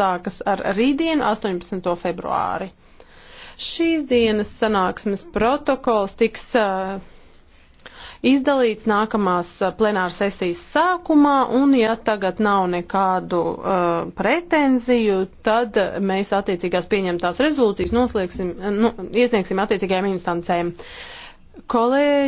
sākas ar rītdienu, 18. februāri. Šīs dienas sanāksmes protokols tiks uh, izdalīts nākamās eh, plenāra sesijas sākumā, un ja tagad nav nekādu uh, pretenziju, tad mēs attiecīgās pieņemtās rezolūcijas noslēgsim, nu, iesniegsim attiecīgajām instancēm. Kolēģi,